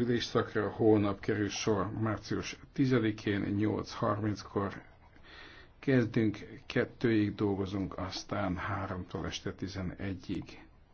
ülésszakra holnap kerül sor március 10-én 8.30-kor. Kezdünk, kettőig dolgozunk, aztán háromtól este 11-ig.